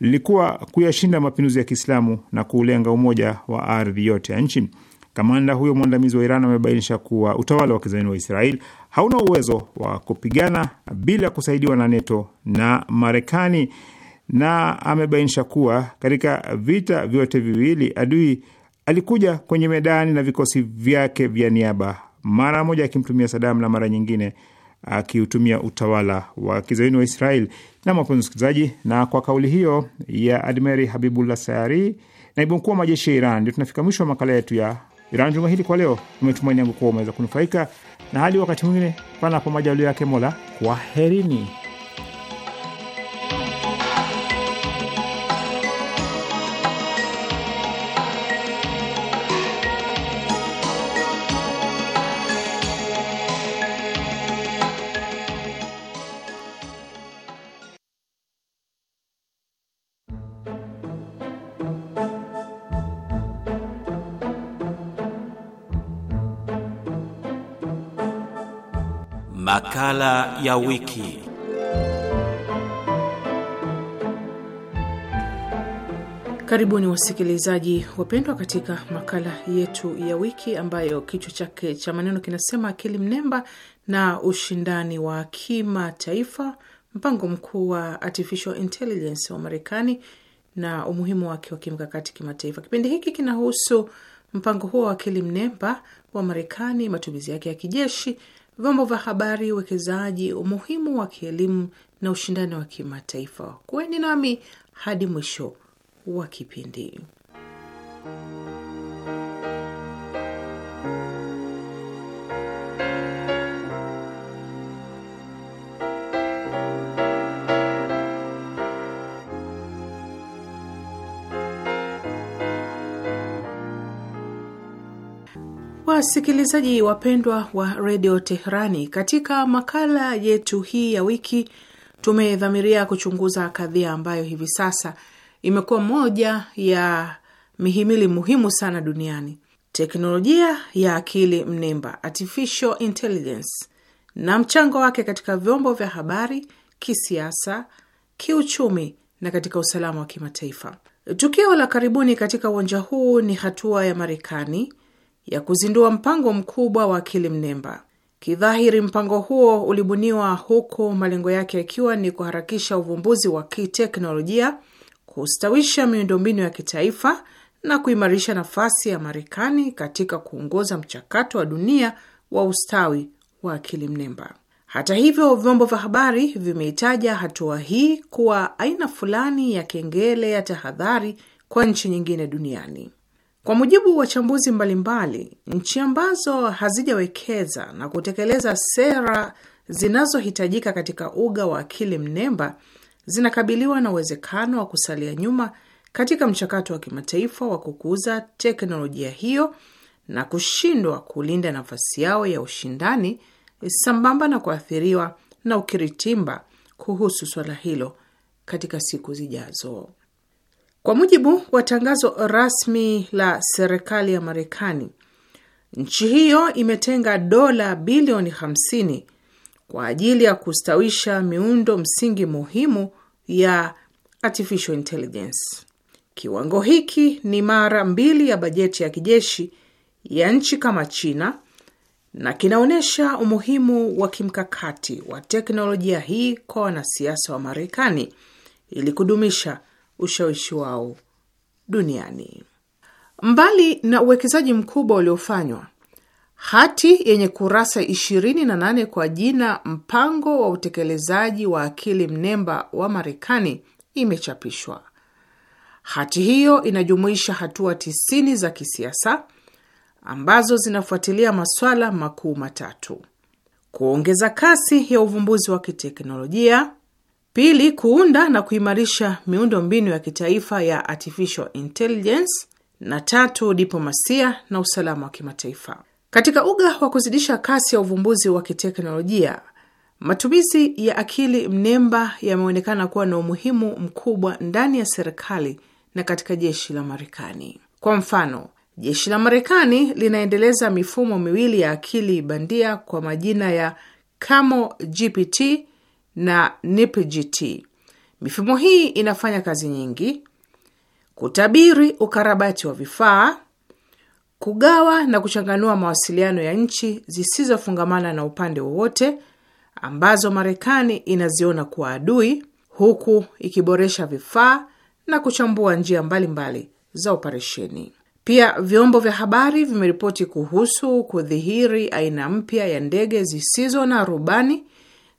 D: lilikuwa kuyashinda mapinduzi ya Kiislamu na kuulenga umoja wa ardhi yote ya nchi. Kamanda huyo mwandamizi wa Iran amebainisha kuwa utawala wa kizayuni wa Israel hauna uwezo wa kupigana bila kusaidiwa na NATO na Marekani na amebainisha kuwa katika vita vyote viwili adui alikuja kwenye medani na vikosi vyake vya niaba, mara moja akimtumia Sadamu na mara nyingine akiutumia utawala wa kizayuni wa Israel. Na mapenzi msikilizaji, na kwa kauli hiyo ya Admeri Habibullah Sayari, naibu mkuu wa majeshi ya Iran, ndio tunafika mwisho wa makala yetu ya Iran juma hili kwa leo. Umetumaini yangu kuwa umeweza kunufaika na hadi wakati mwingine, panapo majaliwa yake Mola, kwaherini.
B: Makala ya wiki.
C: Karibuni wasikilizaji wapendwa, katika makala yetu ya wiki ambayo kichwa chake cha maneno kinasema akili mnemba na ushindani wa kimataifa, mpango mkuu wa artificial intelligence wa Marekani na umuhimu wake wa kimkakati kimataifa. Kipindi hiki kinahusu mpango huo wa akili mnemba wa Marekani, matumizi yake ya kijeshi vyombo vya habari, uwekezaji, umuhimu wa kielimu na ushindani wa kimataifa. Kuweni nami hadi mwisho wa kipindi. Wasikilizaji wapendwa wa redio Teherani, katika makala yetu hii ya wiki tumedhamiria kuchunguza kadhia ambayo hivi sasa imekuwa moja ya mihimili muhimu sana duniani: teknolojia ya akili mnemba, artificial intelligence, na mchango wake katika vyombo vya habari, kisiasa, kiuchumi na katika usalama wa kimataifa. Tukio la karibuni katika uwanja huu ni hatua ya Marekani ya kuzindua mpango mkubwa wa akili mnemba. Kidhahiri, mpango huo ulibuniwa huku malengo yake yakiwa ni kuharakisha uvumbuzi wa kiteknolojia, kustawisha miundombinu ya kitaifa na kuimarisha nafasi ya Marekani katika kuongoza mchakato wa dunia wa ustawi wa akili mnemba. Hata hivyo, vyombo vya habari vimeitaja hatua hii kuwa aina fulani ya kengele ya tahadhari kwa nchi nyingine duniani. Kwa mujibu wa wachambuzi mbalimbali, nchi ambazo hazijawekeza na kutekeleza sera zinazohitajika katika uga wa akili mnemba zinakabiliwa na uwezekano wa kusalia nyuma katika mchakato wa kimataifa wa kukuza teknolojia hiyo na kushindwa kulinda nafasi yao ya ushindani, sambamba na kuathiriwa na ukiritimba kuhusu swala hilo katika siku zijazo. Kwa mujibu wa tangazo rasmi la serikali ya Marekani, nchi hiyo imetenga dola bilioni 50 kwa ajili ya kustawisha miundo msingi muhimu ya artificial intelligence. Kiwango hiki ni mara mbili ya bajeti ya kijeshi ya nchi kama China na kinaonyesha umuhimu wa kimkakati wa teknolojia hii kwa wanasiasa wa Marekani ili kudumisha ushawishi wao duniani. Mbali na uwekezaji mkubwa uliofanywa, hati yenye kurasa 28 kwa jina mpango wa utekelezaji wa akili mnemba wa Marekani imechapishwa. Hati hiyo inajumuisha hatua 90 za kisiasa ambazo zinafuatilia maswala makuu matatu: kuongeza kasi ya uvumbuzi wa kiteknolojia, Pili, kuunda na kuimarisha miundo mbinu ya kitaifa ya artificial intelligence, na tatu, diplomasia na usalama wa kimataifa. Katika uga wa kuzidisha kasi ya uvumbuzi wa kiteknolojia, matumizi ya akili mnemba yameonekana kuwa na umuhimu mkubwa ndani ya serikali na katika jeshi la Marekani. Kwa mfano, jeshi la Marekani linaendeleza mifumo miwili ya akili bandia kwa majina ya Camo GPT na NIPGT. Mifumo hii inafanya kazi nyingi: kutabiri ukarabati wa vifaa, kugawa na kuchanganua mawasiliano ya nchi zisizofungamana na upande wowote ambazo Marekani inaziona kuwa adui, huku ikiboresha vifaa na kuchambua njia mbalimbali mbali za operesheni. Pia vyombo vya habari vimeripoti kuhusu kudhihiri aina mpya ya ndege zisizo na rubani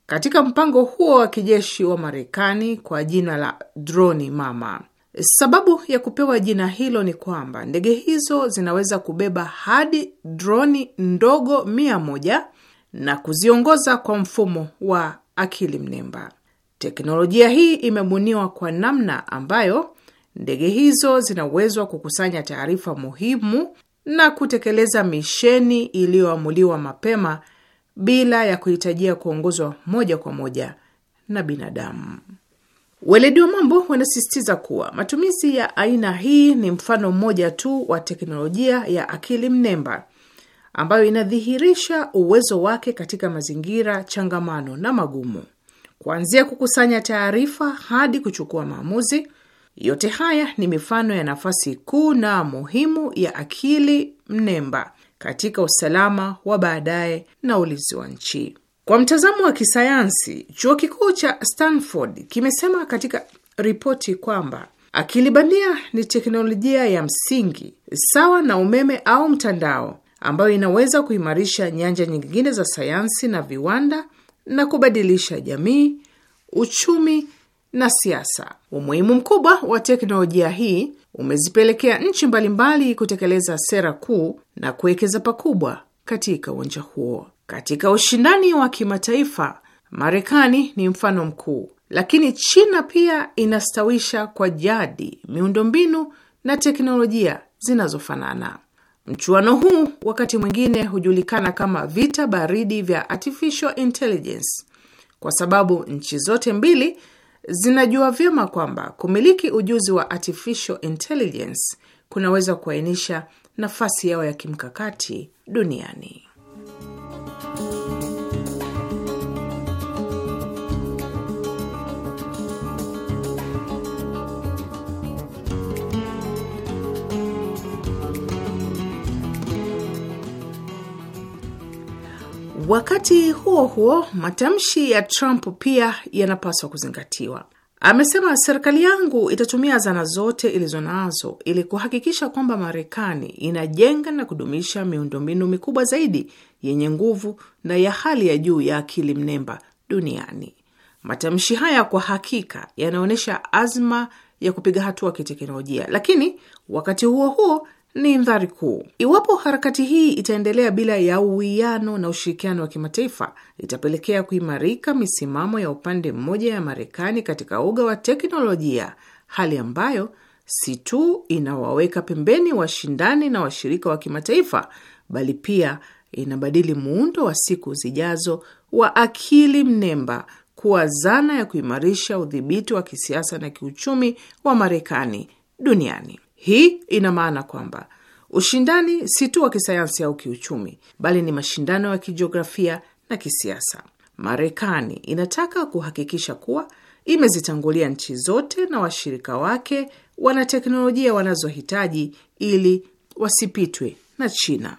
C: katika mpango huo wa kijeshi wa Marekani kwa jina la droni mama. Sababu ya kupewa jina hilo ni kwamba ndege hizo zinaweza kubeba hadi droni ndogo mia moja na kuziongoza kwa mfumo wa akili mnemba. Teknolojia hii imebuniwa kwa namna ambayo ndege hizo zina uwezo wa kukusanya taarifa muhimu na kutekeleza misheni iliyoamuliwa mapema bila ya kuhitajia kuongozwa moja kwa moja na binadamu. Weledi wa mambo wanasisitiza kuwa matumizi ya aina hii ni mfano mmoja tu wa teknolojia ya akili mnemba ambayo inadhihirisha uwezo wake katika mazingira changamano na magumu, kuanzia kukusanya taarifa hadi kuchukua maamuzi. Yote haya ni mifano ya nafasi kuu na muhimu ya akili mnemba katika usalama wa baadaye na ulinzi wa nchi. Kwa mtazamo wa kisayansi, chuo kikuu cha Stanford kimesema katika ripoti kwamba akili bandia ni teknolojia ya msingi sawa na umeme au mtandao ambayo inaweza kuimarisha nyanja nyingine za sayansi na viwanda na kubadilisha jamii, uchumi na siasa. Umuhimu mkubwa wa teknolojia hii umezipelekea nchi mbalimbali kutekeleza sera kuu na kuwekeza pakubwa katika uwanja huo. Katika ushindani wa kimataifa, Marekani ni mfano mkuu, lakini China pia inastawisha kwa jadi miundombinu na teknolojia zinazofanana. Mchuano huu wakati mwingine hujulikana kama vita baridi vya artificial intelligence, kwa sababu nchi zote mbili zinajua vyema kwamba kumiliki ujuzi wa artificial intelligence kunaweza kuainisha nafasi yao ya kimkakati duniani. Wakati huo huo, matamshi ya Trump pia yanapaswa kuzingatiwa. Amesema serikali yangu itatumia zana zote ilizo nazo ili kuhakikisha kwamba Marekani inajenga na kudumisha miundombinu mikubwa zaidi yenye nguvu na ya hali ya juu ya akili mnemba duniani. Matamshi haya kwa hakika yanaonyesha azma ya kupiga hatua kiteknolojia, lakini wakati huo huo ni mdhari kuu. Iwapo harakati hii itaendelea bila ya uwiano na ushirikiano wa kimataifa, itapelekea kuimarika misimamo ya upande mmoja ya Marekani katika uga wa teknolojia, hali ambayo si tu inawaweka pembeni washindani na washirika wa kimataifa, bali pia inabadili muundo wa siku zijazo wa akili mnemba kuwa zana ya kuimarisha udhibiti wa kisiasa na kiuchumi wa Marekani duniani. Hii ina maana kwamba ushindani si tu wa kisayansi au kiuchumi, bali ni mashindano ya kijiografia na kisiasa. Marekani inataka kuhakikisha kuwa imezitangulia nchi zote na washirika wake wana teknolojia wanazohitaji ili wasipitwe na China.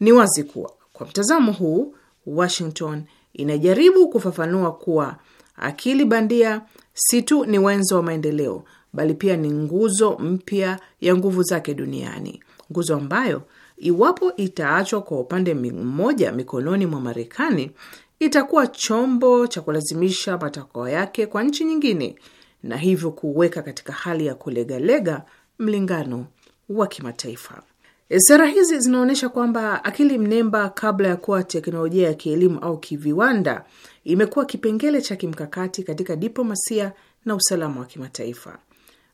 C: Ni wazi kuwa kwa mtazamo huu, Washington inajaribu kufafanua kuwa akili bandia si tu ni wenzo wa maendeleo, bali pia ni nguzo mpya ya nguvu zake duniani, nguzo ambayo iwapo itaachwa kwa upande mmoja mikononi mwa Marekani itakuwa chombo cha kulazimisha matakwa yake kwa nchi nyingine na hivyo kuweka katika hali ya kulegalega mlingano wa kimataifa. E, sera hizi zinaonyesha kwamba akili mnemba, kabla ya kuwa teknolojia ya kielimu au kiviwanda, imekuwa kipengele cha kimkakati katika diplomasia na usalama wa kimataifa.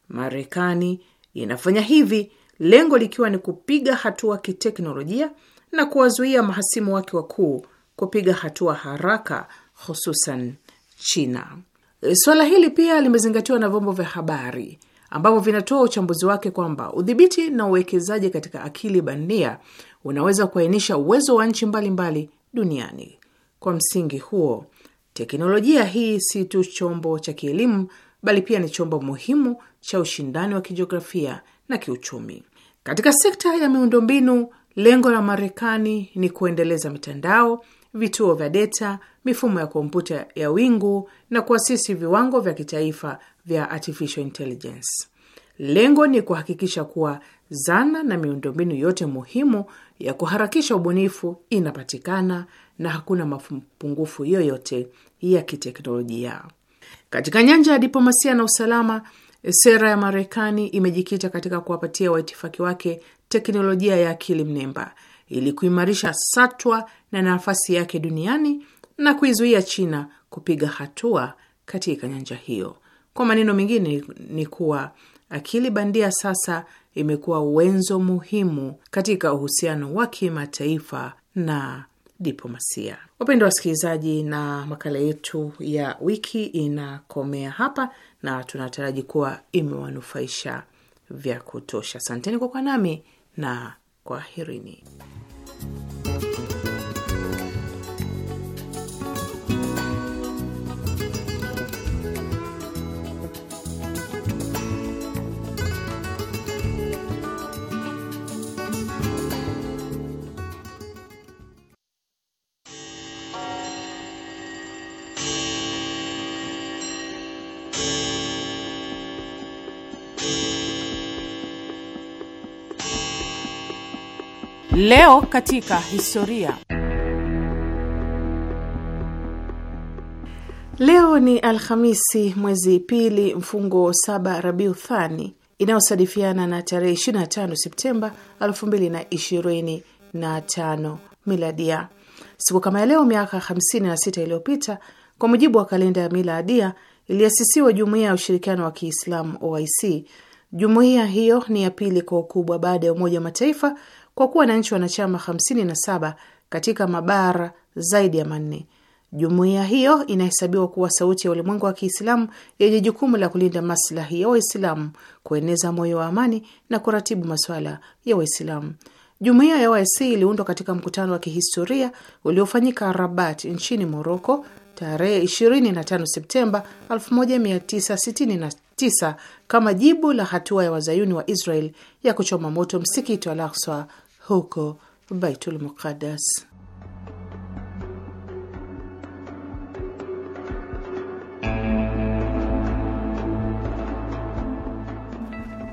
C: Marekani inafanya hivi, lengo likiwa ni kupiga hatua kiteknolojia na kuwazuia mahasimu wake wakuu kupiga hatua haraka, hususan China. E, Suala hili pia limezingatiwa na vyombo vya habari ambavyo vinatoa uchambuzi wake kwamba udhibiti na uwekezaji katika akili bandia unaweza kuainisha uwezo wa nchi mbalimbali duniani. Kwa msingi huo, teknolojia hii si tu chombo cha kielimu, bali pia ni chombo muhimu cha ushindani wa kijiografia na kiuchumi. Katika sekta ya miundombinu, lengo la Marekani ni kuendeleza mitandao, vituo vya deta, mifumo ya kompyuta ya wingu na kuasisi viwango vya kitaifa vya artificial intelligence. Lengo ni kuhakikisha kuwa zana na miundombinu yote muhimu ya kuharakisha ubunifu inapatikana na hakuna mapungufu yoyote ya kiteknolojia. Katika nyanja ya diplomasia na usalama, Sera ya Marekani imejikita katika kuwapatia waitifaki wake teknolojia ya akili mnemba ili kuimarisha satwa na nafasi yake duniani na kuizuia China kupiga hatua katika nyanja hiyo. Kwa maneno mengine, ni kuwa akili bandia sasa imekuwa wenzo muhimu katika uhusiano wa kimataifa na diplomasia. Wapendwa wasikilizaji, na makala yetu ya wiki inakomea hapa, na tunataraji kuwa imewanufaisha vya kutosha. Asanteni kwa kuwa nami na kwaherini. Leo katika historia. Leo ni Alhamisi, mwezi pili mfungo saba Rabiu Thani, inayosadifiana na tarehe 25 Septemba 2025 miladia. Siku kama ya leo miaka 56 iliyopita, kwa mujibu wa kalenda ya miladia, iliasisiwa Jumuiya ya Ushirikiano wa Kiislamu OIC. Jumuiya hiyo ni ya pili kwa ukubwa baada ya Umoja wa Mataifa kwa kuwa na nchi wanachama 57 katika mabara zaidi ya manne. Jumuiya hiyo inahesabiwa kuwa sauti ya ulimwengu wa Kiislamu yenye jukumu la kulinda maslahi ya Waislamu, kueneza moyo wa amani na kuratibu masuala ya Waislamu. Jumuiya ya OIC iliundwa katika mkutano wa kihistoria uliofanyika Rabat nchini Moroko tarehe 25 Septemba 1969 kama jibu la hatua ya wazayuni wa Israel ya kuchoma moto msikiti wa Al-Aqsa huko Baitul Muqaddas.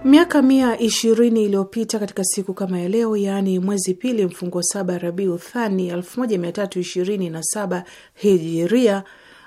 C: Miaka mia ishirini iliyopita katika siku kama ya leo, yaani mwezi pili mfungo saba Rabiu Thani 1327 Hijiria,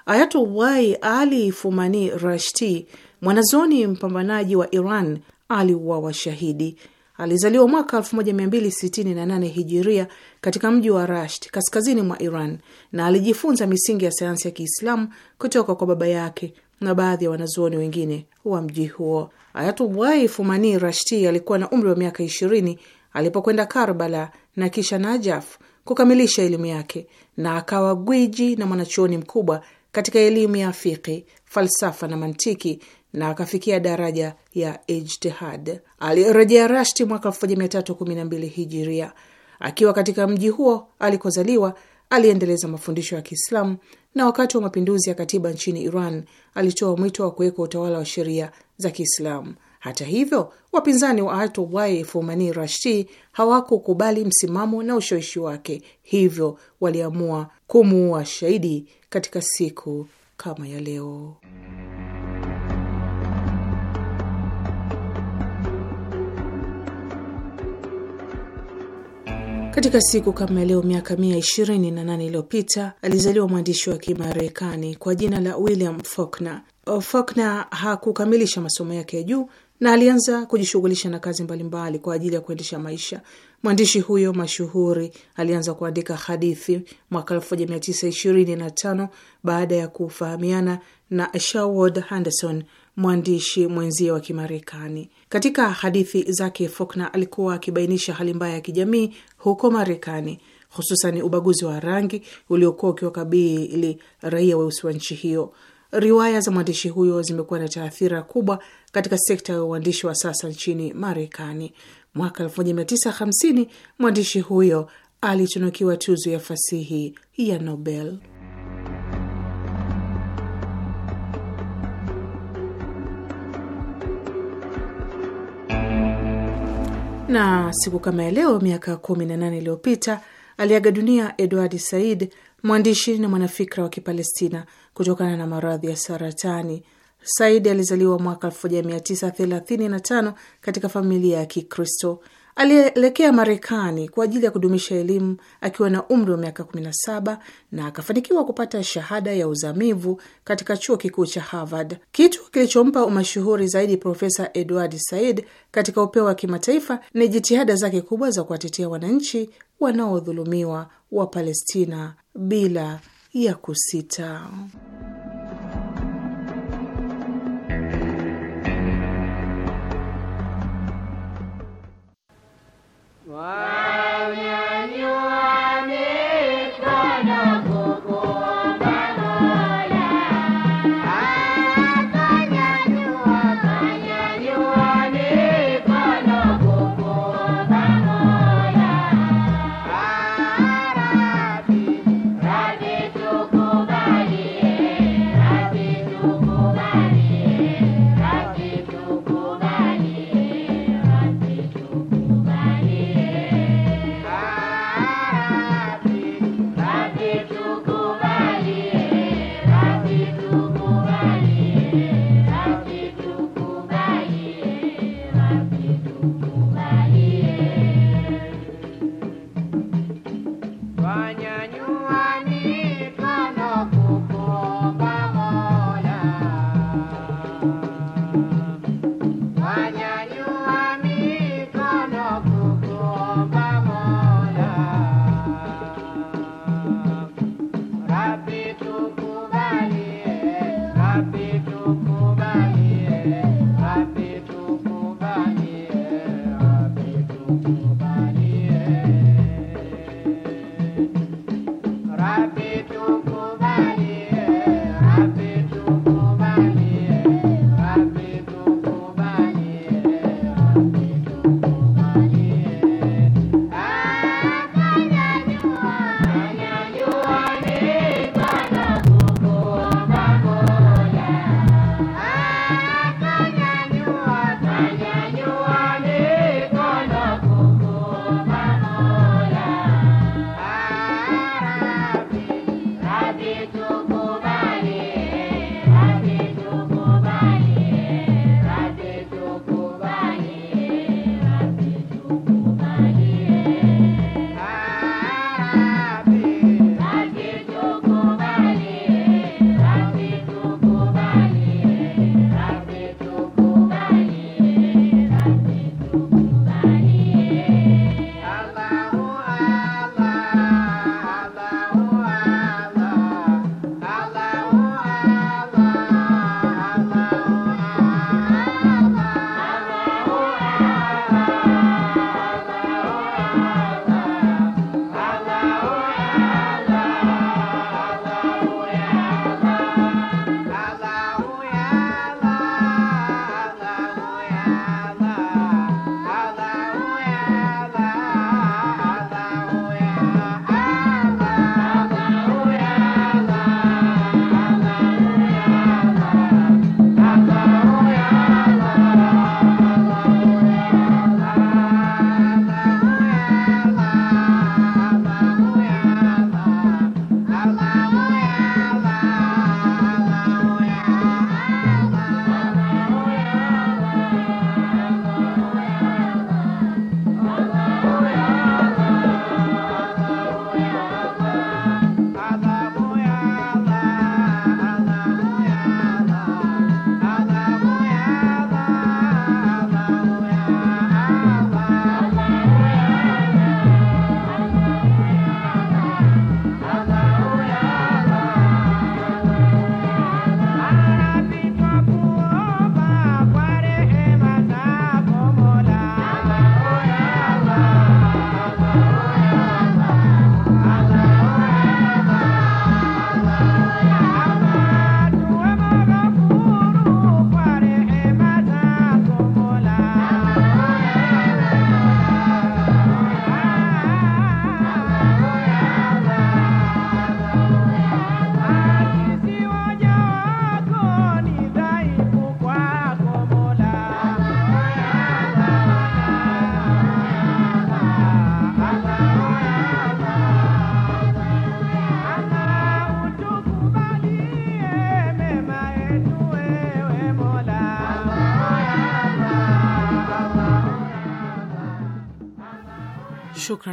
C: Ayatullahi Ali Fumani Rashti, mwanazoni mpambanaji wa Iran, aliuawa shahidi. Alizaliwa mwaka 1268 hijiria katika mji wa Rasht kaskazini mwa Iran na alijifunza misingi ya sayansi ya Kiislamu kutoka kwa baba yake na baadhi ya wanazuoni wengine wa mji huo. Ayatullah Fumani Rashti alikuwa na umri wa miaka 20 alipokwenda Karbala na kisha Najaf kukamilisha elimu yake na akawa gwiji na mwanachuoni mkubwa katika elimu ya fiqhi, falsafa na mantiki na akafikia daraja ya ijtihad. Alirejea Rashti mwaka 1312 hijiria. Akiwa katika mji huo alikozaliwa, aliendeleza mafundisho ya Kiislamu na wakati wa mapinduzi ya katiba nchini Iran alitoa mwito wa kuwekwa utawala wa sheria za Kiislamu. Hata hivyo, wapinzani wa Ayatollah Fumani Rashti hawakukubali msimamo na ushawishi wake, hivyo waliamua kumuua shahidi katika siku kama ya leo. Katika siku kama leo miaka mia ishirini na nane iliyopita alizaliwa mwandishi wa Kimarekani kwa jina la William Faulkner. Faulkner hakukamilisha masomo yake ya juu na alianza kujishughulisha na kazi mbalimbali mbali kwa ajili ya kuendesha maisha. Mwandishi huyo mashuhuri alianza kuandika hadithi mwaka 1925 baada ya kufahamiana na Sherwood Anderson mwandishi mwenzie wa Kimarekani. Katika hadithi zake, Faulkner alikuwa akibainisha hali mbaya ya kijamii huko Marekani, hususan ubaguzi wa rangi uliokuwa ukiwakabili raia weusi wa nchi hiyo. Riwaya za mwandishi huyo zimekuwa na taathira kubwa katika sekta ya uandishi wa sasa nchini Marekani. Mwaka 1950 mwandishi huyo alitunukiwa tuzo ya fasihi ya Nobel. Na siku kama ya leo miaka 18 iliyopita aliaga dunia Edward Said, mwandishi na mwanafikra wa Kipalestina, kutokana na maradhi ya saratani. Said alizaliwa mwaka 1935 katika familia ya Kikristo. Alielekea Marekani kwa ajili ya kudumisha elimu akiwa na umri wa miaka 17 na akafanikiwa kupata shahada ya uzamivu katika chuo kikuu cha Harvard, kitu kilichompa umashuhuri zaidi Profesa Edward Said katika upeo wa kimataifa ni jitihada zake kubwa za kuwatetea wananchi wanaodhulumiwa wa Palestina bila ya kusita.
E: Wow. Baña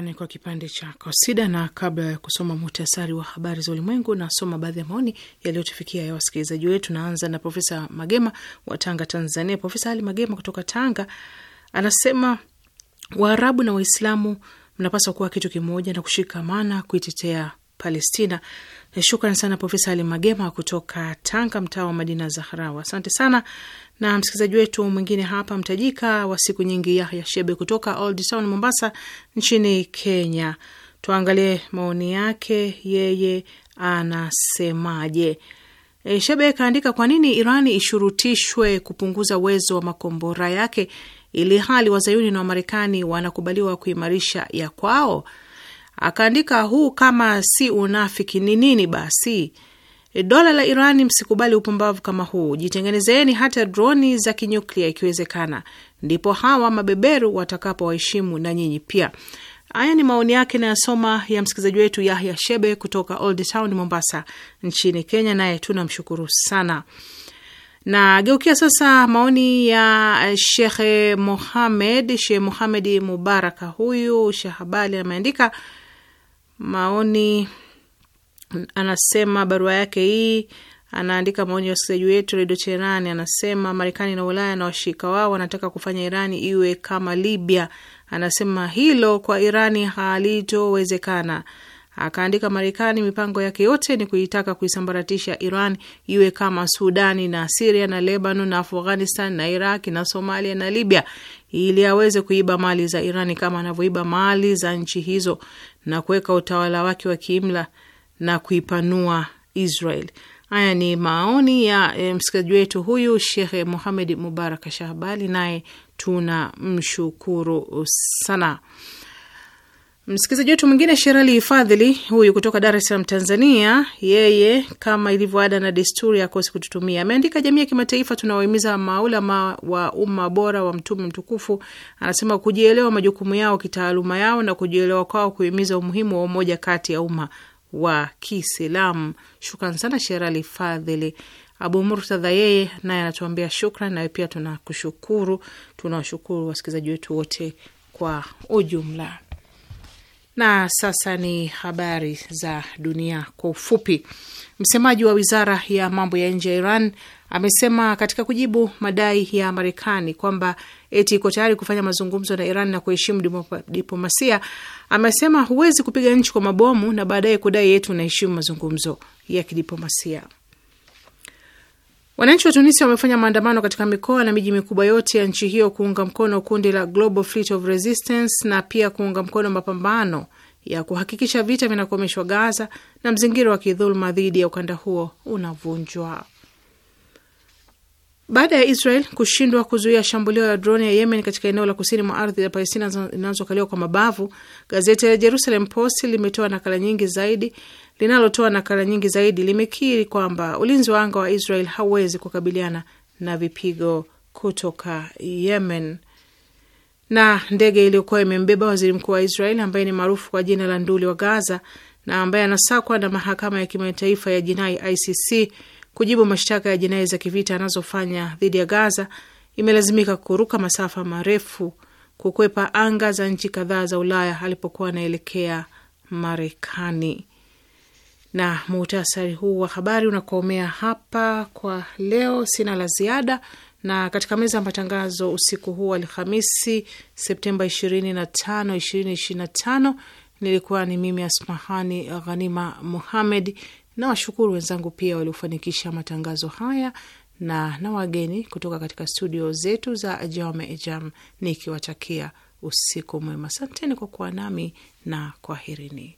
C: Shukrani kwa kipande chako Sida, na kabla ya kusoma muhtasari wa habari za ulimwengu, nasoma baadhi ya maoni yaliyotufikia ya wasikilizaji wetu. Naanza na Profesa Magema wa Tanga, Tanzania. Profesa Ali Magema kutoka Tanga anasema Waarabu na Waislamu mnapaswa kuwa kitu kimoja na kushikamana kuitetea Palestina. Shukran sana Profesa Ali Magema kutoka Tanga, mtaa wa Madina Zaharau. Asante sana. Na msikilizaji wetu mwingine hapa mtajika wa siku nyingi, Yahya Shebe kutoka Old Town, Mombasa nchini Kenya. Tuangalie maoni yake, yeye anasemaje? E, Shebe kaandika, kwa nini Irani ishurutishwe kupunguza uwezo wa makombora yake ili hali wazayuni na Wamarekani wanakubaliwa kuimarisha ya kwao? akaandika huu kama si unafiki ni nini basi? E, dola la Iran msikubali upumbavu kama huu, jitengenezeni hata droni za kinyuklia ikiwezekana, ndipo hawa mabeberu watakapowaheshimu na nyinyi pia. Haya ni maoni yake nayasoma ya msikilizaji wetu Yahya Shebe kutoka Old Town, Mombasa, nchini Kenya, naye tunamshukuru sana. Na geukia sasa maoni ya eh, Shekhe Mohamed Shekh Mohamed Mubaraka, huyu shahabali ameandika maoni anasema barua yake hii anaandika maoni ya wasikilizaji wetu redio Teherani. Anasema Marekani na Ulaya na washirika wao wanataka kufanya Irani iwe kama Libya. Anasema hilo kwa Irani halitowezekana. Akaandika, Marekani mipango yake yote ni kuitaka kuisambaratisha Iran iwe kama Sudani na Siria na Lebanon na Afghanistan na iraki na Somalia na Libya, ili aweze kuiba mali za Iran kama anavyoiba mali za nchi hizo na kuweka utawala wake wa kiimla na kuipanua Israel. Haya ni maoni ya e, msikilizaji wetu huyu Shekhe Muhamed Mubarak Shahbali, naye tuna mshukuru sana. Msikilizaji wetu mwingine Sherali Fadhili, huyu kutoka Dar es Salaam, Tanzania, yeye kama ilivyo ada na desturi akosi kututumia, ameandika: jamii ya kimataifa, tunawahimiza maulama wa umma bora wa Mtume mtukufu, anasema kujielewa majukumu yao kitaaluma yao na kujielewa kwao kuhimiza umuhimu wa umoja kati ya umma wa Kiislamu. Shukran sana Sherali Fadhili. Abu Murtadha yeye naye anatuambia shukran, nawe pia tunakushukuru. Tunawashukuru wasikilizaji wetu wote kwa ujumla. Na sasa ni habari za dunia kwa ufupi. Msemaji wa wizara ya mambo ya nje ya Iran amesema katika kujibu madai ya Marekani kwamba eti iko tayari kufanya mazungumzo na Iran na kuheshimu diplomasia, amesema huwezi kupiga nchi kwa mabomu na baadaye kudai yetu unaheshimu mazungumzo ya kidiplomasia. Wananchi wa Tunisia wamefanya maandamano katika mikoa na miji mikubwa yote ya nchi hiyo kuunga mkono kundi la Global Fleet of Resistance na pia kuunga mkono mapambano ya kuhakikisha vita vinakomeshwa Gaza na mzingira wa kidhuluma dhidi ya ukanda huo unavunjwa. Baada ya Israel kushindwa kuzuia shambulio la droni ya Yemen katika eneo la kusini mwa ardhi ya Palestina inazokaliwa kwa mabavu, gazeti la Jerusalem Post limetoa nakala nyingi zaidi linalotoa nakala nyingi zaidi limekiri kwamba ulinzi wa anga wa Israel hauwezi kukabiliana na vipigo kutoka Yemen. Na ndege iliyokuwa imembeba waziri mkuu wa Israel ambaye ni maarufu kwa jina la nduli wa Gaza na ambaye anasakwa na mahakama ya kimataifa ya jinai ICC kujibu mashtaka ya jinai za kivita anazofanya dhidi ya Gaza imelazimika kuruka masafa marefu kukwepa anga za nchi kadhaa za Ulaya alipokuwa anaelekea Marekani na muhtasari huu wa habari unakomea hapa kwa leo. Sina la ziada, na katika meza ya matangazo usiku huu Alhamisi Septemba 25, 2025 nilikuwa ni mimi Asmahani Ghanima Muhamed. na washukuru wenzangu pia waliofanikisha matangazo haya na na wageni kutoka katika studio zetu za Jame Jam, nikiwatakia usiku mwema. Asanteni kwa kuwa nami na kwaherini.